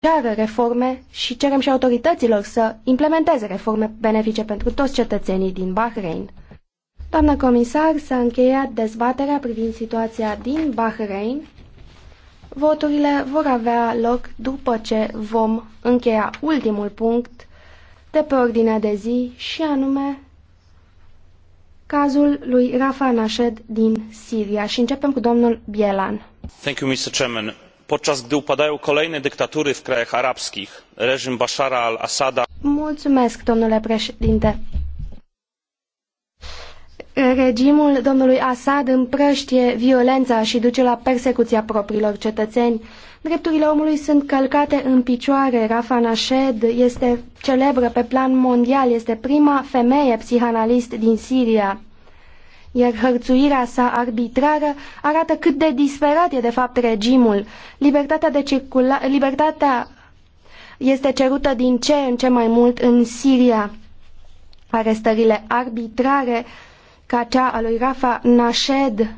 ceară reforme și cerem și autorităților să implementeze reforme benefice pentru toți cetățenii din Bahrain. Doamna comisar, s-a încheiat dezbaterea privind situația din Bahrain. Voturile vor avea loc după ce vom încheia ultimul punct de pe ordinea de zi și anume cazul lui Rafa Nashed din Siria și începem cu domnul Bielan. Thank you, Mr. Chairman podczas gdy upadają kolejne dyktatury w krajach arabskich reżim baszara al assada Regimul domnului Assad împrăștie violența și duce la persecuția propriilor cetățeni. Drepturile omului sunt călcate în picioare. Rafa Nashed este celebră pe plan mondial, este prima femeie psihanalist din Siria iar hărțuirea sa arbitrară arată cât de disperat e de fapt regimul. Libertatea, de circula... Libertatea este cerută din ce în ce mai mult în Siria. Arestările arbitrare, ca cea a lui Rafa Nashed,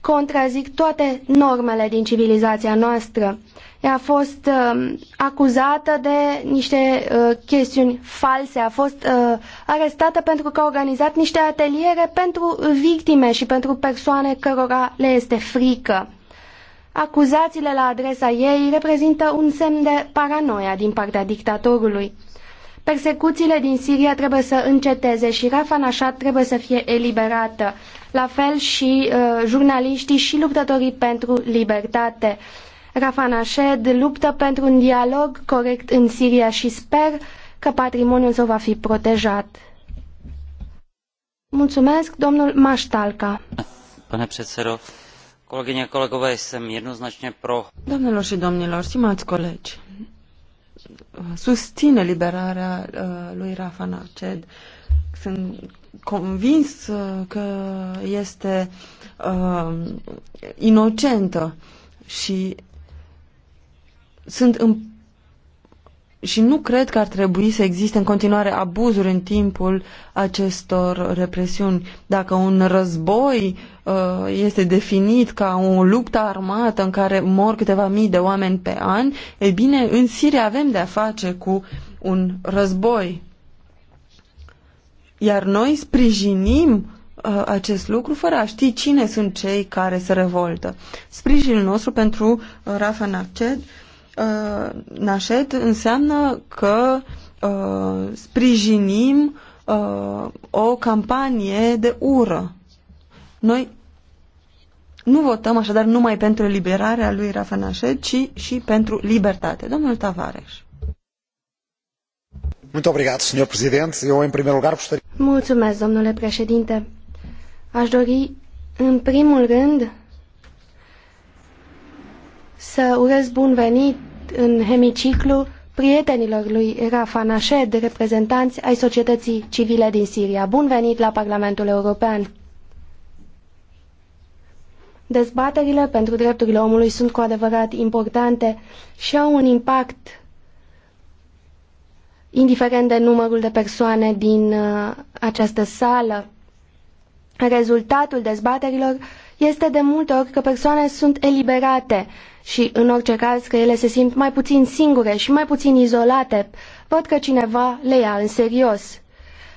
contrazic toate normele din civilizația noastră a fost uh, acuzată de niște uh, chestiuni false, a fost uh, arestată pentru că a organizat niște ateliere pentru victime și pentru persoane cărora le este frică. Acuzațiile la adresa ei reprezintă un semn de paranoia din partea dictatorului. Persecuțiile din Siria trebuie să înceteze și Rafa Nașat trebuie să fie eliberată. La fel și uh, jurnaliștii și luptătorii pentru libertate. Uh, Rafa luptă pentru un dialog corect în Siria și sper că patrimoniul său va fi protejat. Mulțumesc, domnul Maștalca. Pane předsedo, colegine, kolegové, sunt jednoznačně pro. Domnilor și domnilor, stimați colegi, susține eliberarea uh, lui Rafa Sunt convins uh, că este uh, inocentă și sunt în... și nu cred că ar trebui să existe în continuare abuzuri în timpul acestor represiuni. Dacă un război uh, este definit ca o luptă armată în care mor câteva mii de oameni pe an, e bine, în Siria avem de-a face cu un război. Iar noi sprijinim uh, acest lucru fără a ști cine sunt cei care se revoltă. Sprijinul nostru pentru uh, Rafa Rafa uh, Uh, nașet înseamnă că uh, sprijinim uh, o campanie de ură. Noi nu votăm așadar numai pentru liberarea lui Rafa Nașet, ci și pentru libertate. Domnul Tavares. Mulțumesc, domnule președinte. Aș dori, în primul rând, să urez bun venit în hemiciclu prietenilor lui Rafa Nashed, reprezentanți ai societății civile din Siria. Bun venit la Parlamentul European! Dezbaterile pentru drepturile omului sunt cu adevărat importante și au un impact indiferent de numărul de persoane din uh, această sală. Rezultatul dezbaterilor este de multe ori că persoane sunt eliberate și, în orice caz, că ele se simt mai puțin singure și mai puțin izolate. Văd că cineva le ia în serios.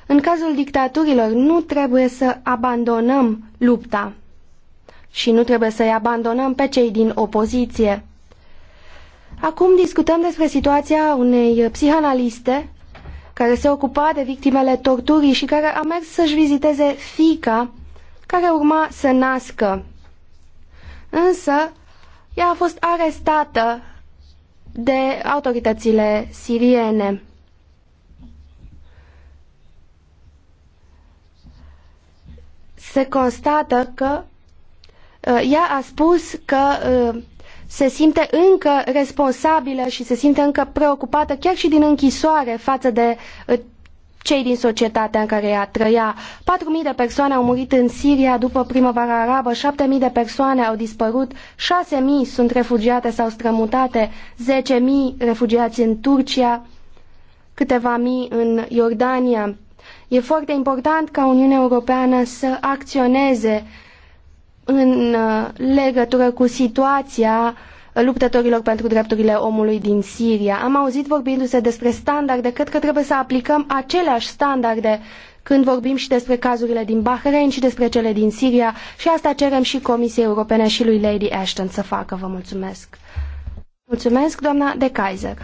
În cazul dictaturilor, nu trebuie să abandonăm lupta și nu trebuie să-i abandonăm pe cei din opoziție. Acum discutăm despre situația unei psihanaliste care se ocupa de victimele torturii și care a mers să-și viziteze fica care urma să nască. Însă, ea a fost arestată de autoritățile siriene. Se constată că uh, ea a spus că uh, se simte încă responsabilă și se simte încă preocupată chiar și din închisoare față de uh, cei din societatea în care ea trăia. 4.000 de persoane au murit în Siria după primăvara arabă, 7.000 de persoane au dispărut, 6.000 sunt refugiate sau strămutate, 10.000 refugiați în Turcia, câteva mii în Iordania. E foarte important ca Uniunea Europeană să acționeze în uh, legătură cu situația uh, luptătorilor pentru drepturile omului din Siria. Am auzit vorbindu-se despre standarde, cred că trebuie să aplicăm aceleași standarde când vorbim și despre cazurile din Bahrain și despre cele din Siria și asta cerem și Comisiei Europene și lui Lady Ashton să facă. Vă mulțumesc. Mulțumesc, doamna de Kaiser.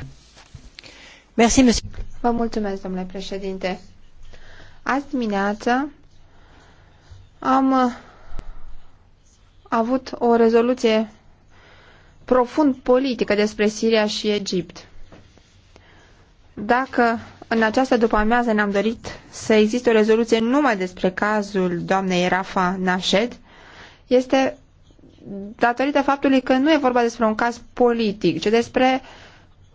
Merci, Vă mulțumesc, domnule președinte. Azi dimineață am uh, avut o rezoluție profund politică despre Siria și Egipt. Dacă în această după-amiază ne-am dorit să existe o rezoluție numai despre cazul doamnei Rafa Nashed, este datorită faptului că nu e vorba despre un caz politic, ci despre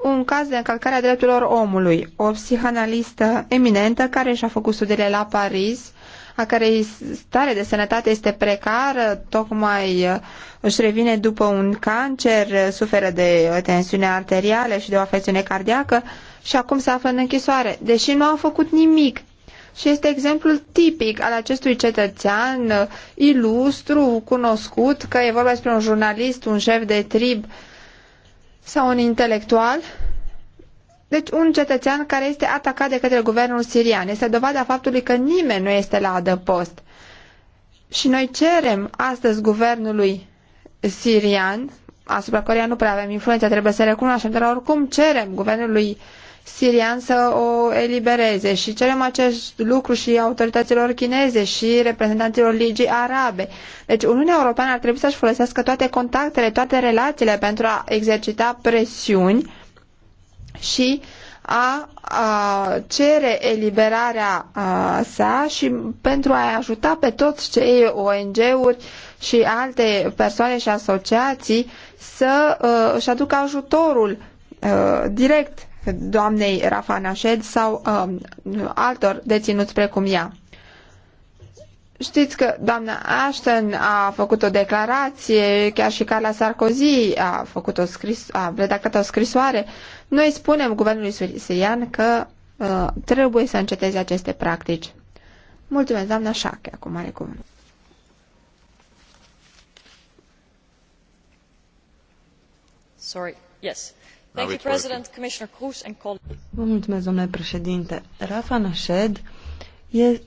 un caz de încălcare a drepturilor omului. O psihanalistă eminentă care și-a făcut studiile la Paris, a cărei stare de sănătate este precară, tocmai uh, își revine după un cancer, uh, suferă de uh, tensiune arterială și de o afecțiune cardiacă și acum se află în închisoare, deși nu au făcut nimic. Și este exemplul tipic al acestui cetățean ilustru, cunoscut, că e vorba despre un jurnalist, un șef de trib sau un intelectual deci un cetățean care este atacat de către guvernul sirian este dovada faptului că nimeni nu este la adăpost. Și noi cerem astăzi guvernului sirian, asupra căreia nu prea avem influență, trebuie să recunoaștem, dar oricum cerem guvernului sirian să o elibereze și cerem acest lucru și autorităților chineze și reprezentanților Ligii Arabe. Deci Uniunea Europeană ar trebui să-și folosească toate contactele, toate relațiile pentru a exercita presiuni și a, a cere eliberarea a, sa și pentru a ajuta pe toți cei ONG-uri și alte persoane și asociații să a, ă, își aducă ajutorul a, ă, direct doamnei Rafa Nașed sau a, ă, altor deținuți precum ea. Știți că doamna Ashton a făcut o declarație, chiar și Carla Sarkozy a, făcut o scris, a redactat o scrisoare uh, noi spunem guvernului sirian că uh, trebuie să înceteze aceste practici. Mulțumesc, doamna Șache, acum are cuvântul. Sorry. Yes. Thank you, President, Commissioner Cruz and colleagues. Vă mulțumesc, domnule președinte. Rafa Nașed e, uh,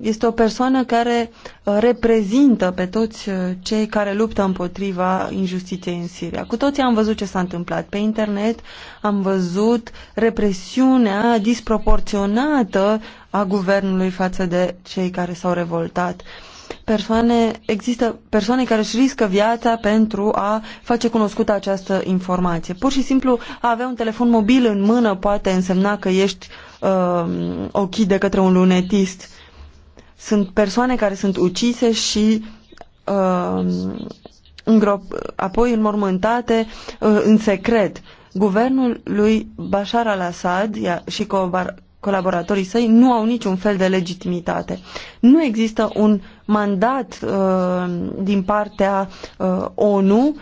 este o persoană care uh, reprezintă pe toți uh, cei care luptă împotriva injustiției în Siria. Cu toții am văzut ce s-a întâmplat pe internet, am văzut represiunea disproporționată a guvernului față de cei care s-au revoltat. Persoane, există persoane care își riscă viața pentru a face cunoscută această informație. Pur și simplu a avea un telefon mobil în mână poate însemna că ești uh, ochi de către un lunetist. Uh, sunt persoane care sunt ucise și uh, îngrop, apoi înmormântate uh, în secret. Guvernul lui Bashar al-Assad și colaboratorii săi nu au niciun fel de legitimitate. Nu există un mandat uh, din partea uh, ONU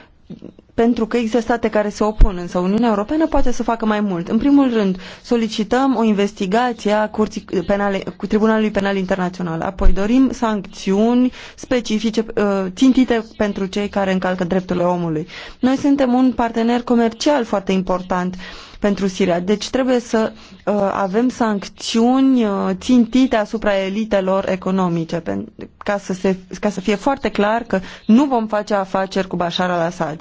pentru că există state care se opun, însă Uniunea Europeană poate să facă mai mult. În primul rând, solicităm o investigație a Curții Penale, cu Tribunalului Penal Internațional, apoi dorim sancțiuni specifice uh, țintite pentru cei care încalcă drepturile omului. Noi suntem un partener comercial foarte important pentru Siria, deci trebuie să uh, avem sancțiuni uh, țintite asupra elitelor economice, ca să, se, ca să fie foarte clar că nu vom face afaceri cu Bashar al-Assad.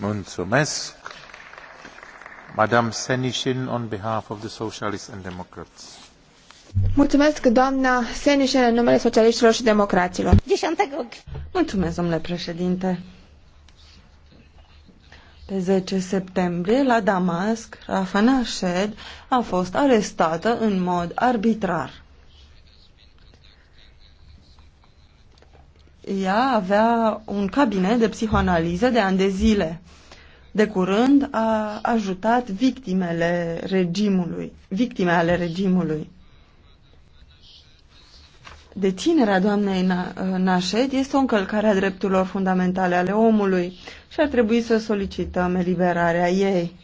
Mulțumesc. Madame Senishin on behalf of the Socialists and Democrats. Mulțumesc, doamna Senishin, în numele socialiștilor și democraților. Mulțumesc, domnule președinte. Pe 10 septembrie, la Damasc, Rafa Nashed a fost arestată în mod arbitrar. ea avea un cabinet de psihoanaliză de ani de zile. De curând a ajutat victimele regimului, victime ale regimului. Deținerea doamnei uh, Nașet este o încălcare a drepturilor fundamentale ale omului și ar trebui să solicităm eliberarea ei.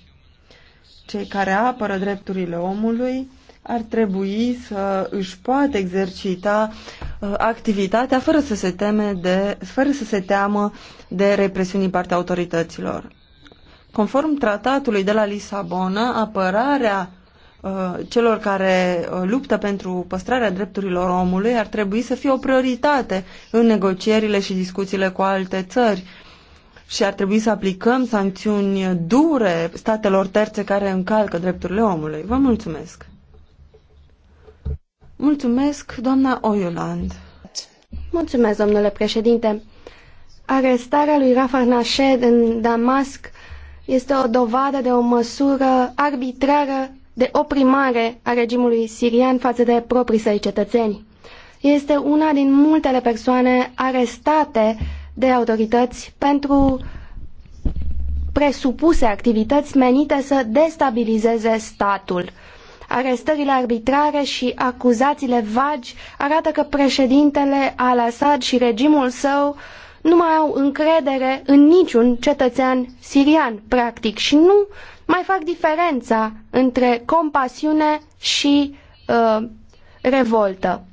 Cei care apără drepturile omului ar trebui să își poată exercita uh, activitatea fără să se, teme de, fără să se teamă de represiuni partea autorităților. Conform tratatului de la Lisabona, apărarea uh, celor care uh, luptă pentru păstrarea drepturilor omului ar trebui să fie o prioritate în negocierile și discuțiile cu alte țări și ar trebui să aplicăm sancțiuni dure statelor terțe care încalcă drepturile omului. Vă mulțumesc! Mulțumesc, doamna Mulțumesc, domnule președinte. Arestarea lui Rafah Nashed în Damasc este o dovadă de o măsură arbitrară de oprimare a regimului sirian față de proprii săi cetățeni. Este una din multele persoane arestate de autorități pentru presupuse activități menite să destabilizeze statul arestările arbitrare și acuzațiile vagi arată că președintele al-Assad și regimul său nu mai au încredere în niciun cetățean sirian, practic, și nu mai fac diferența între compasiune și uh, revoltă.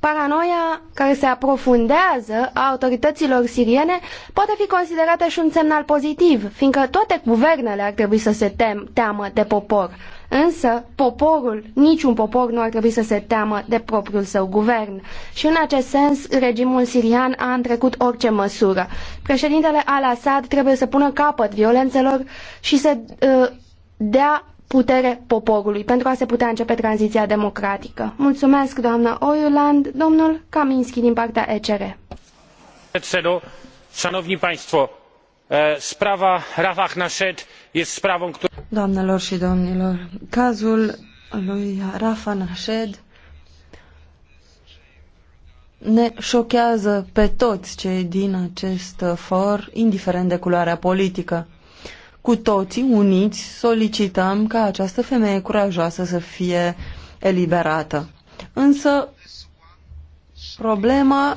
Paranoia care se aprofundează a autorităților siriene poate fi considerată și un semnal pozitiv, fiindcă toate guvernele ar trebui să se tem, teamă de popor. Însă, poporul, niciun popor nu ar trebui să se teamă de propriul său guvern. Și în acest sens, regimul sirian a întrecut orice măsură. Președintele al-Assad trebuie să pună capăt violențelor și să uh, dea putere poporului pentru a se putea începe tranziția democratică. Mulțumesc, doamna Oiuland, domnul Kaminski din partea ECR. Szanowni Państwo, sprawa Rafah Nashed jest sprawą, która... Doamnelor și domnilor, cazul lui Rafa Nashed ne șochează pe toți cei din acest for, indiferent de culoarea politică. Cu toții, uniți, solicităm ca această femeie curajoasă să fie eliberată. Însă, problema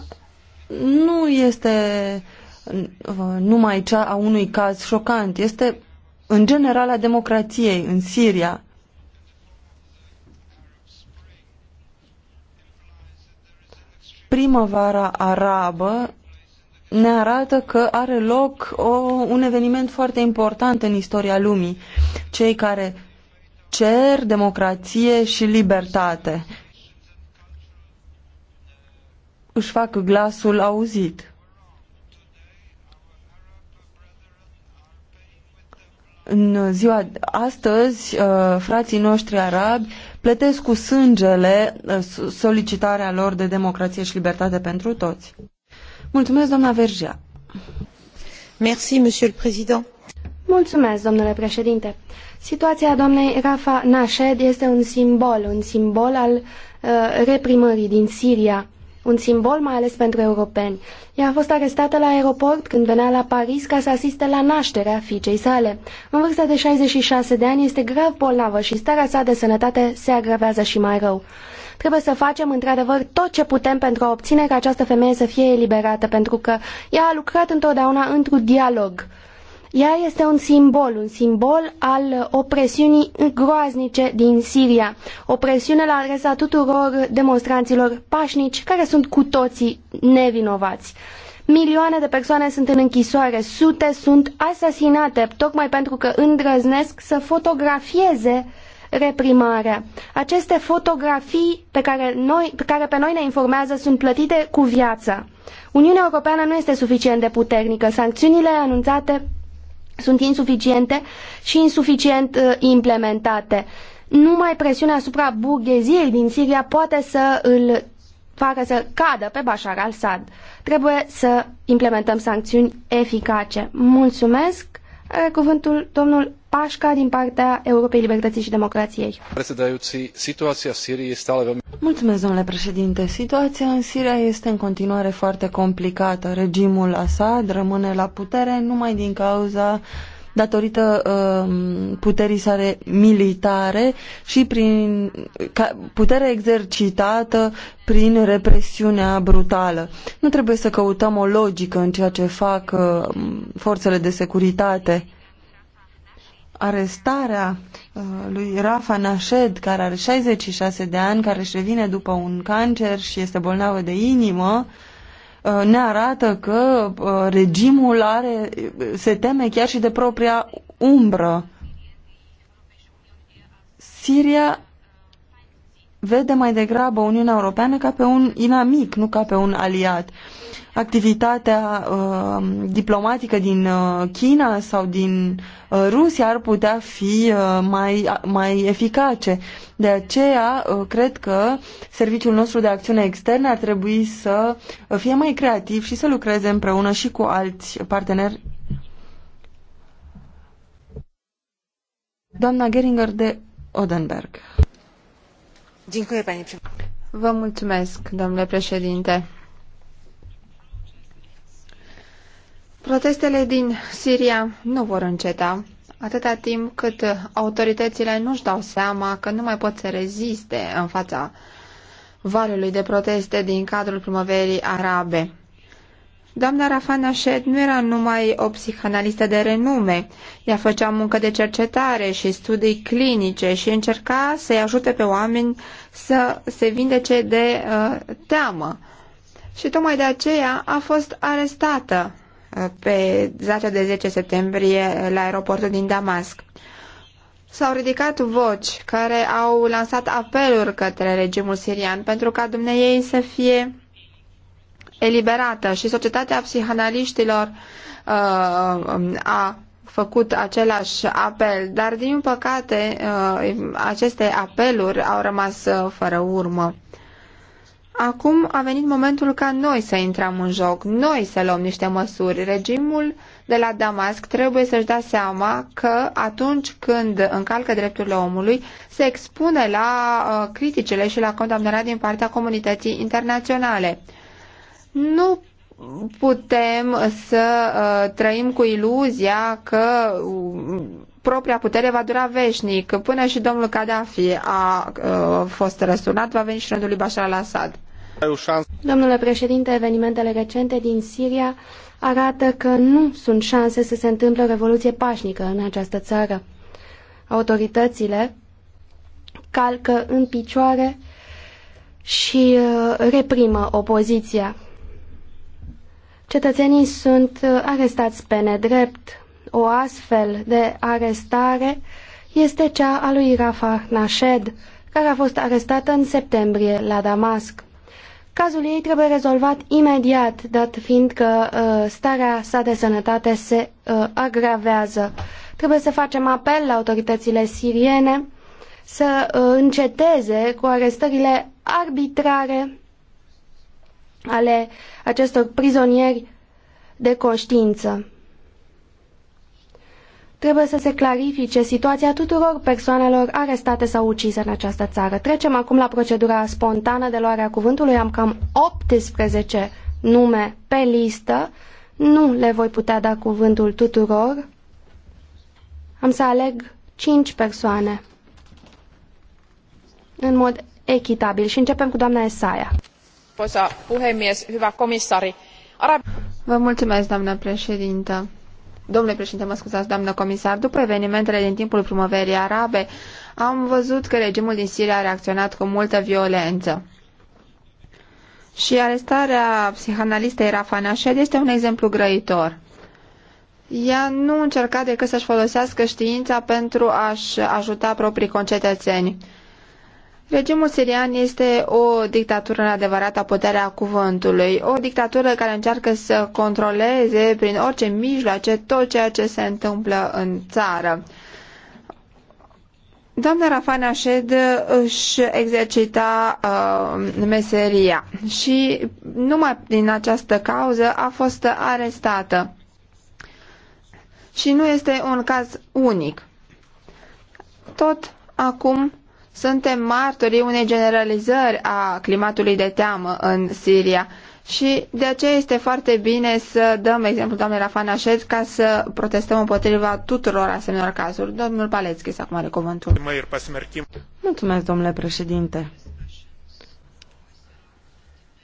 nu este uh, numai cea a unui caz șocant, este în general a democrației în Siria. Primăvara arabă ne arată că are loc o, un eveniment foarte important în istoria lumii. Cei care cer democrație și libertate își fac glasul auzit. în ziua astăzi, uh, frații noștri arabi plătesc cu sângele uh, solicitarea lor de democrație și libertate pentru toți. Mulțumesc, doamna Vergea. Merci, monsieur le président. Mulțumesc, domnule președinte. Situația doamnei Rafa Nashed este un simbol, un simbol al uh, reprimării din Siria un simbol mai ales pentru europeni. Ea a fost arestată la aeroport când venea la Paris ca să asiste la nașterea fiicei sale. În vârsta de 66 de ani este grav bolnavă și starea sa de sănătate se agravează și mai rău. Trebuie să facem într-adevăr tot ce putem pentru a obține ca această femeie să fie eliberată, pentru că ea a lucrat întotdeauna într-un dialog ea este un simbol, un simbol al opresiunii groaznice din Siria, opresiune la adresa tuturor demonstranților pașnici care sunt cu toții nevinovați. Milioane de persoane sunt în închisoare, sute sunt asasinate tocmai pentru că îndrăznesc să fotografieze reprimarea. Aceste fotografii pe care, noi, pe care pe noi ne informează sunt plătite cu viața. Uniunea Europeană nu este suficient de puternică. Sancțiunile anunțate sunt insuficiente și insuficient uh, implementate. Numai presiunea asupra burgheziei din Siria poate să îl facă să cadă pe Bashar al-Assad. Trebuie să implementăm sancțiuni eficace. Mulțumesc. Are cuvântul domnul Pașca din partea Europei Libertății și Democrației. Situația Siriei este ale... Mulțumesc, domnule președinte. Situația în Siria este în continuare foarte complicată. Regimul Assad rămâne la putere numai din cauza datorită uh, puterii sale militare și prin ca, putere exercitată prin represiunea brutală. Nu trebuie să căutăm o logică în ceea ce fac uh, forțele de securitate arestarea uh, lui Rafa Nashed, care are 66 de ani, care își revine după un cancer și este bolnavă de inimă, uh, ne arată că uh, regimul are, se teme chiar și de propria umbră. Siria vede mai degrabă Uniunea Europeană ca pe un inamic, nu ca pe un aliat. Activitatea uh, diplomatică din uh, China sau din uh, Rusia ar putea fi uh, mai, mai eficace. De aceea, uh, cred că serviciul nostru de acțiune externă ar trebui să uh, fie mai creativ și să lucreze împreună și cu alți parteneri. Doamna Geringer de Odenberg. Vă mulțumesc, domnule președinte. Protestele din Siria nu vor înceta atâta timp cât autoritățile nu-și dau seama că nu mai pot să reziste în fața valului de proteste din cadrul primăverii arabe. Doamna Rafana Shed nu era numai o psihanalistă de renume. Ea făcea muncă de cercetare și studii clinice și încerca să-i ajute pe oameni să se vindece de uh, teamă. Și tocmai de aceea a fost arestată uh, pe data de 10 septembrie la aeroportul din Damasc. S-au ridicat voci care au lansat apeluri către regimul sirian pentru ca dumneiei să fie eliberată și societatea psihanaliștilor uh, a făcut același apel, dar din păcate uh, aceste apeluri au rămas uh, fără urmă. Acum a venit momentul ca noi să intrăm în joc, noi să luăm niște măsuri. Regimul de la Damasc trebuie să-și dea seama că atunci când încalcă drepturile omului, se expune la criticile și la condamnarea din partea comunității internaționale. Nu putem să uh, trăim cu iluzia că uh, propria putere va dura veșnic. Până și domnul Gaddafi a uh, fost răsturnat, va veni și rândul lui Bashar al-Assad. Domnule președinte, evenimentele recente din Siria arată că nu sunt șanse să se întâmple o revoluție pașnică în această țară. Autoritățile calcă în picioare și uh, reprimă opoziția. Cetățenii sunt uh, arestați pe nedrept. O astfel de arestare este cea a lui Rafah Nashed, care a fost arestată în septembrie la Damasc. Cazul ei trebuie rezolvat imediat, dat fiind că uh, starea sa de sănătate se uh, agravează. Trebuie să facem apel la autoritățile siriene să uh, înceteze cu arestările arbitrare ale acestor prizonieri de conștiință. Trebuie să se clarifice situația tuturor persoanelor arestate sau ucise în această țară. Trecem acum la procedura spontană de luare a cuvântului. Am cam 18 nume pe listă. Nu le voi putea da cuvântul tuturor. Am să aleg 5 persoane în mod echitabil și începem cu doamna Esaia arvoisa puhemies hyvä komissaari Vă mulțumesc, doamnă președintă. Domnule președinte, mă scuzați, doamnă comisar, după evenimentele din timpul primăverii arabe, am văzut că regimul din Siria a reacționat cu multă violență. Și arestarea psihanalistei Rafa Nashed este un exemplu grăitor. Ea nu încerca decât să-și folosească știința pentru a-și ajuta proprii concetățeni. Regimul sirian este o dictatură în adevărata puterea cuvântului, o dictatură care încearcă să controleze prin orice mijloace tot ceea ce se întâmplă în țară. Doamna Rafan Așed își exercita uh, meseria și numai din această cauză a fost arestată. Și nu este un caz unic. Tot acum suntem martorii unei generalizări a climatului de teamă în Siria și de aceea este foarte bine să dăm exemplu doamnei Rafana Șez ca să protestăm împotriva tuturor asemenea cazuri. Domnul Palețchi, acum are cuvântul. Mulțumesc, domnule președinte.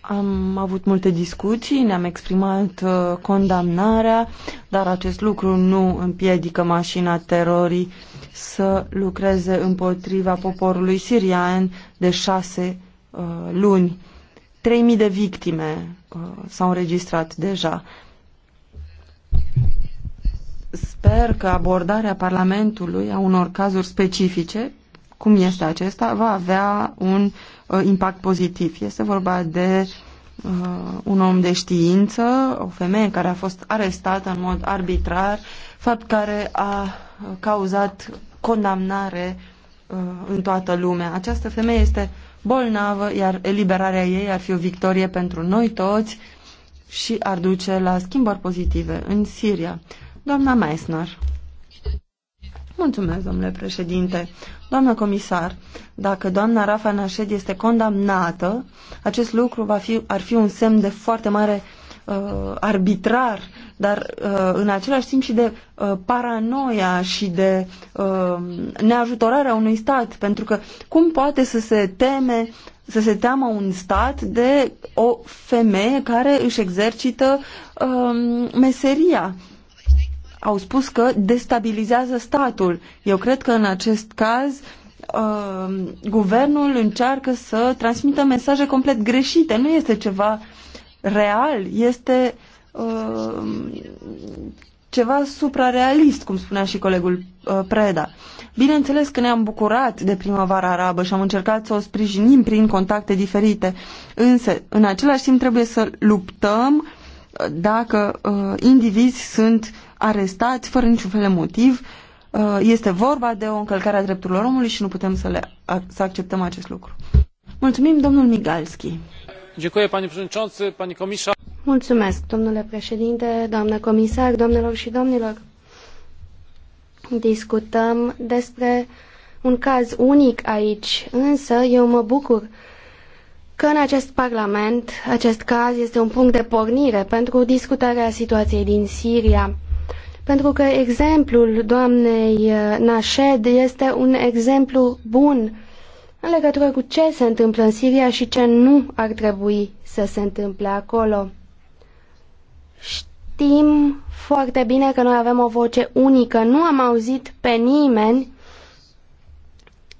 Am avut multe discuții, ne-am exprimat uh, condamnarea, dar acest lucru nu împiedică mașina terorii să lucreze împotriva poporului sirian de șase uh, luni. 3.000 de victime uh, s-au înregistrat deja. Sper că abordarea Parlamentului a unor cazuri specifice, cum este acesta, va avea un uh, Uh, impact pozitiv. Este vorba de uh, un om de știință, o femeie care a fost arestată în mod arbitrar, fapt care a cauzat condamnare uh, în toată lumea. Această femeie este bolnavă, iar eliberarea ei ar fi o victorie pentru noi toți și ar duce la schimbări pozitive în Siria. Doamna Meissner. Mulțumesc, domnule președinte. Doamna comisar, dacă doamna Rafa Nașed este condamnată, acest lucru va fi, ar fi un semn de foarte mare uh, arbitrar, dar uh, în același timp și de uh, paranoia și de uh, neajutorarea unui stat, pentru că cum poate să se teme să se teamă un stat de o femeie care își exercită uh, meseria au spus că destabilizează statul. Eu cred că în acest caz uh, guvernul încearcă să transmită mesaje complet greșite. Nu este ceva real, este uh, ceva suprarealist, cum spunea și colegul uh, Preda. Bineînțeles că ne-am bucurat de primăvara arabă și am încercat să o sprijinim prin contacte diferite, însă în același timp trebuie să luptăm uh, dacă uh, indivizi sunt arestați fără niciun fel de motiv, uh, este vorba de o încălcare a drepturilor omului și nu putem să, le, a, să acceptăm acest lucru. Mulțumim, domnul Migalski. Mulțumesc, domnule președinte, doamnă comisar, domnilor și domnilor. Discutăm despre un caz unic aici, însă eu mă bucur că în acest Parlament acest caz este un punct de pornire pentru discutarea situației din Siria. Pentru că exemplul doamnei uh, Nashed este un exemplu bun în legătură cu ce se întâmplă în Siria și ce nu ar trebui să se întâmple acolo. Știm foarte bine că noi avem o voce unică. Nu am auzit pe nimeni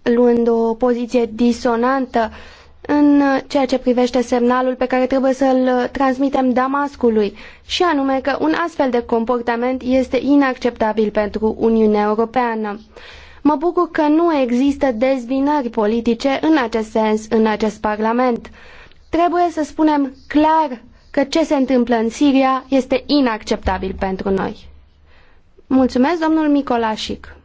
luând o poziție disonantă uh, în ceea ce privește semnalul pe care trebuie să-l transmitem Damascului, și anume că un astfel de comportament este inacceptabil pentru Uniunea Europeană. Mă bucur că nu există dezbinări politice în acest sens în acest Parlament. Trebuie să spunem clar că ce se întâmplă în Siria este inacceptabil pentru noi. Mulțumesc, domnul Micolașic.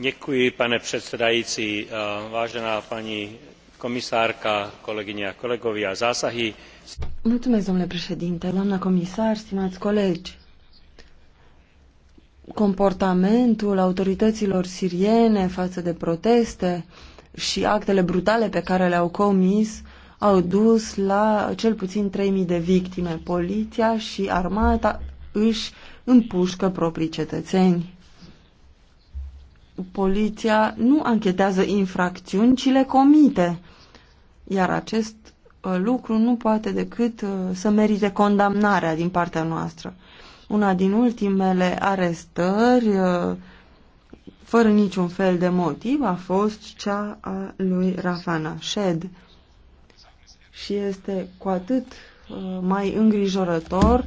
Děkuji, pane předsedající. Eh, vážená paní a președinte, comisar, colegi. Comportamentul autorităților siriene față de proteste și actele brutale pe care le-au comis au dus la cel puțin 3.000 de victime. Poliția și armata își împușcă proprii cetățeni poliția nu anchetează infracțiuni, ci le comite. Iar acest uh, lucru nu poate decât uh, să merite condamnarea din partea noastră. Una din ultimele arestări, uh, fără niciun fel de motiv, a fost cea a lui Rafana Shed. Și este cu atât mai îngrijorător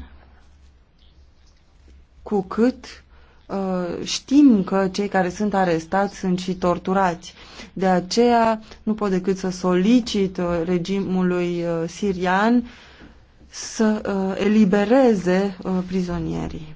cu cât Uh, știm că cei care sunt arestați sunt și torturați. De aceea nu pot decât să solicit uh, regimului uh, sirian să elibereze prizonierii.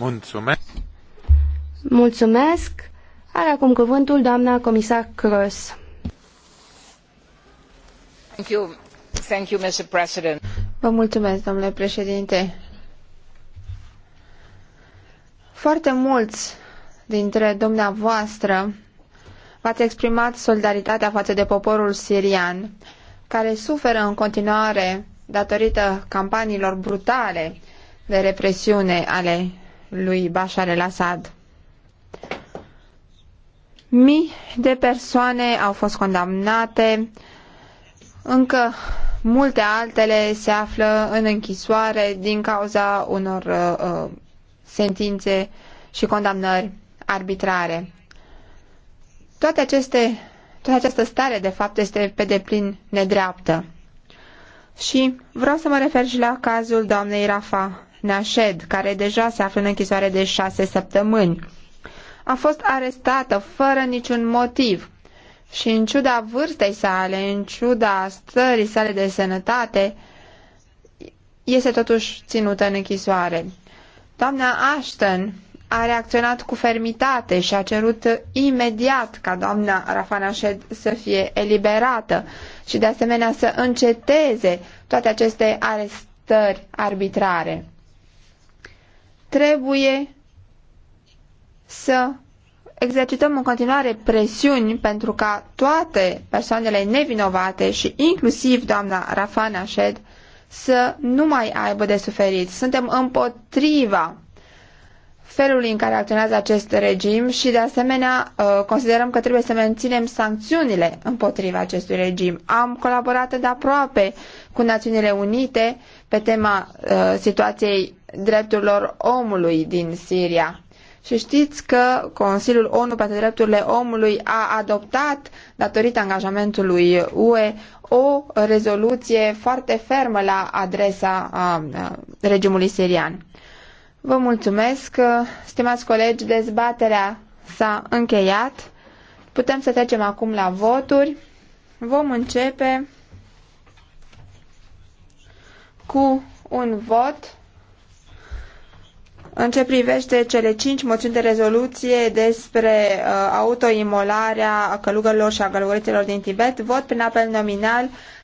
Mulțumesc. Mulțumesc. Are acum cuvântul doamna comisar Cross. Thank you. Thank you, Mr. President. Vă mulțumesc, domnule președinte. Foarte mulți dintre dumneavoastră v-ați exprimat solidaritatea față de poporul sirian, care suferă în continuare datorită campaniilor brutale de represiune ale lui Bashar el-Assad. Mii de persoane au fost condamnate, încă multe altele se află în închisoare din cauza unor uh, uh, sentințe și condamnări arbitrare. Toate aceste, toată această stare, de fapt, este pe deplin nedreaptă. Și vreau să mă refer și la cazul doamnei Rafa Nashed, care deja se află în închisoare de șase săptămâni. A fost arestată fără niciun motiv și în ciuda vârstei sale, în ciuda stării sale de sănătate, este totuși ținută în închisoare. Doamna Ashton a reacționat cu fermitate și a cerut imediat ca doamna Nashed să fie eliberată și de asemenea să înceteze toate aceste arestări arbitrare. Trebuie să exercităm în continuare presiuni pentru ca toate persoanele nevinovate și inclusiv doamna Rafana Shed să nu mai aibă de suferit. Suntem împotriva felului în care acționează acest regim și de asemenea uh, considerăm că trebuie să menținem sancțiunile împotriva acestui regim. Am colaborat de aproape cu Națiunile Unite pe tema uh, situației drepturilor omului din Siria. Și știți că Consiliul ONU pentru Drepturile Omului a adoptat, datorită angajamentului UE, o rezoluție foarte fermă la adresa a, a, regimului sirian. Vă mulțumesc, stimați colegi, dezbaterea s-a încheiat. Putem să trecem acum la voturi. Vom începe cu un vot în ce privește cele cinci moțiuni de rezoluție despre uh, autoimolarea călugărilor și a călugărițelor din Tibet, vot prin apel nominal